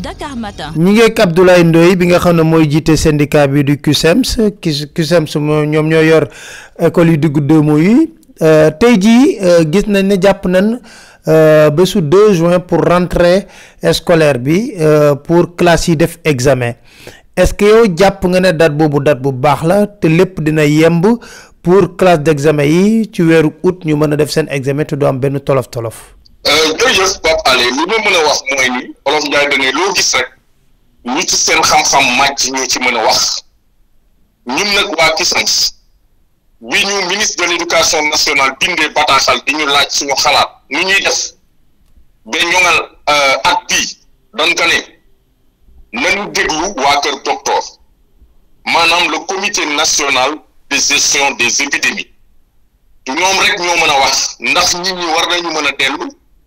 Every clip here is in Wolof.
Dakar Matin. ñi ngi ak Abdoulaye Ndoye bi nga xamne moy jité syndicat bi du QSEMS, CUSEMS ñom ñoy yor école yi dugg de moy euh tay ji euh, gis nañ ne japp nañ euh bésu 2 juin pour rentrée scolaire bi euh, pour classe yi def examen est ce que yow japp nga ne date bobu date bu baax la te lepp dina yemb pour classe d'examen yi ci wéru août ñu mëna def sen examen te do am ben tolof tolof. Euh, ale li ma mën a wax mooy ni olof Njaay dañuy loo gis rek ñi ci seen xam-xam màcc ñu ci mën a wax ñun nag waa Cusems bi ñu ministre de l' éducation nationale bindee bataaxal di ñu laaj suñu xalaat nu ñuy def ba ñoŋal euh, at bii dañ ko ne nañu déglu waa kër docteur maanaam la comité national de gestion des épidémies ñoom rek ñoo mën a wax ndax nit ñi war nañu mën a dellu.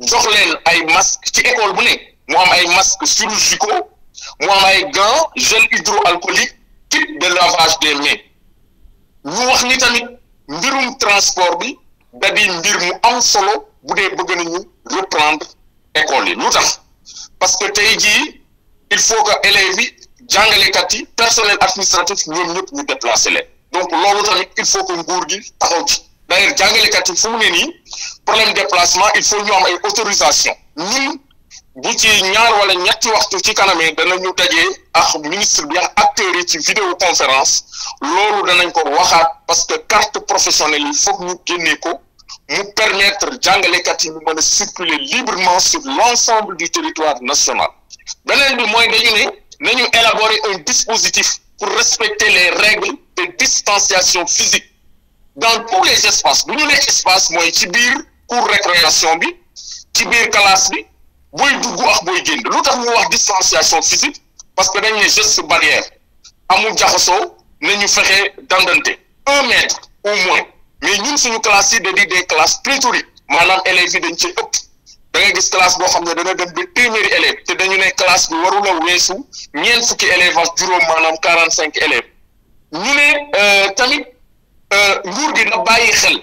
Jorlen a ay masque ci école bu masques chirurgicaux am gel hydroalcoolique type de lavage des mains Nous wax ni tamit transport bi solo vous devez reprendre école parce que tu dit, il faut que élèves personnel administratif ñu déplacer. donc il faut que nguur gi d'ailleurs nous pour problème déplacement il faut ñu am ay autorisation Nous, bu ci ñaar wala ñetti waxtu ci une danañu à ak ministre bi ak acteurs vidéoconférence loolu danañ ko waxaat parce que carte professionnelle il faut ñu génnee ko nous permettre jàngalekat yi ñu circuler librement sur l'ensemble du territoire national beneen bi mooy dañu ne nañu élaborer un dispositif pour respecter les règles de distanciation physique dans tous les espaces bu ñu espaces espace mooy ci biir cour récréation bi ci biir classe bi booy dugg ak buy génn lu tax ñu wax distanciation physique parce que dañ ne geste barrière amul jaxasoo ñu fexe dandante un mètre au moins mais ñun suñu classe yi da de des classes pléthoriques maanaam élèves yi dañ ci ëpp da nga gis classe boo xam ne dana dem ba téeméeri élèves te dañu ne classe bi warula weesu ñeent fukki élèves ak juróom maanaam quarante cinq élèves ñu ne euh, tamit euh, nguur gi na bàyyi xel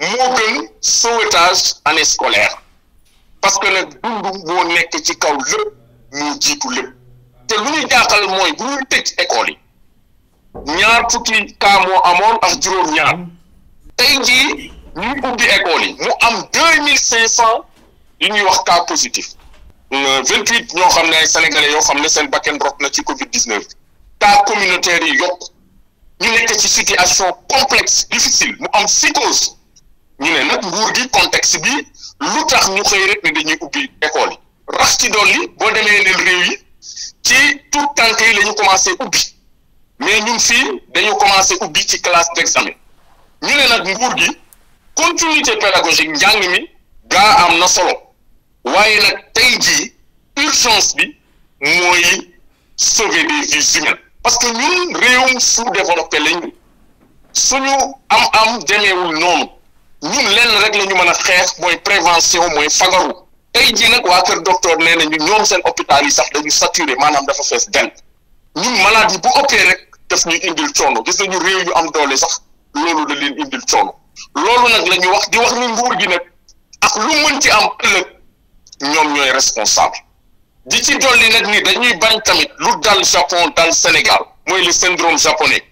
moo gën sauvetage année scolaire parce que nag dund moo nekk ci kaw lépp moo jiitu lépp te lu ñuy jaaxal mooy bu ñuy tëj école yi ñaar fukki cas moo amoon ak juróom-ñaar tey jii ñu ubbi école yi mu am deux mille cinq cent yu ñuy wax cas positif vingt huit ñoo xam ne ay sénégalais yoo xam ne seen bakkan rot na ci Covid dix neuf cas communautaire yi yokk ñu nekk ci situation complexe difficile mu am psychose. ñu ne nag nguur gi contexte bi lu tax ñu xëy rek ne dañuy ubbi école yi rax ci dolli boo demee yeneen réew yi ci tout tànk yi lañu ñu commencé ubbi mais ñun fii dañu commencé ubbi ci classe d'examen ñu ne nag nguur gi continuité pédagogique njàng mi gaa am na solo waaye nag tey jii urgence bi mooy sauver des vies humaines parce que ñun réewum sous-développé lañu suñu am am demeewul noonu ñun lenn rek la ñu mën a xeex mooy prévention mooy fagaru tey jii nag waa kër docteur nee nañu ñoom seen hôpital yi sax dañu saturé maanaam dafa fees dell ñun maladie bu ëppee rek def ñu indil coono gis ñu réew ñu am doole sax loolu da leen indil coono loolu nag la ñu wax di wax ni nguur gi nag ak lu mën ci am ëllëg ñoom ñooy responsable di ci dolli nag ni dañuy bañ tamit lu dal Japon dal Sénégal mooy le syndrome japonais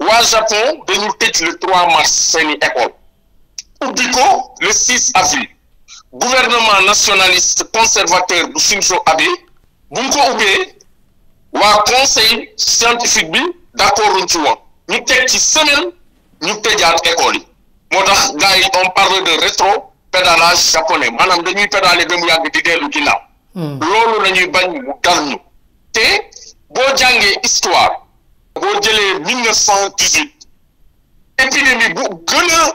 waa Japon dañu tëj le 3 mars seeni école ubbi ko le 6 avril gouvernement nationaliste conservateur bu Shinzo Abe bu ñu ko ubbee waa conseil scientifique bi d'accord ñu ci woon ñu teg ci semaine ñu tëjaat école yi moo tax gars yi on parle de rétro pédalage japonais maanaam dañuy pédaler ba mu yàgg di dellu ginnaaw. Hmm. loolu la ñuy bañ mu dal te boo jàngee histoire boo jëlee mille neuf cent épidémie bu gën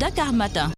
Dakar Matin.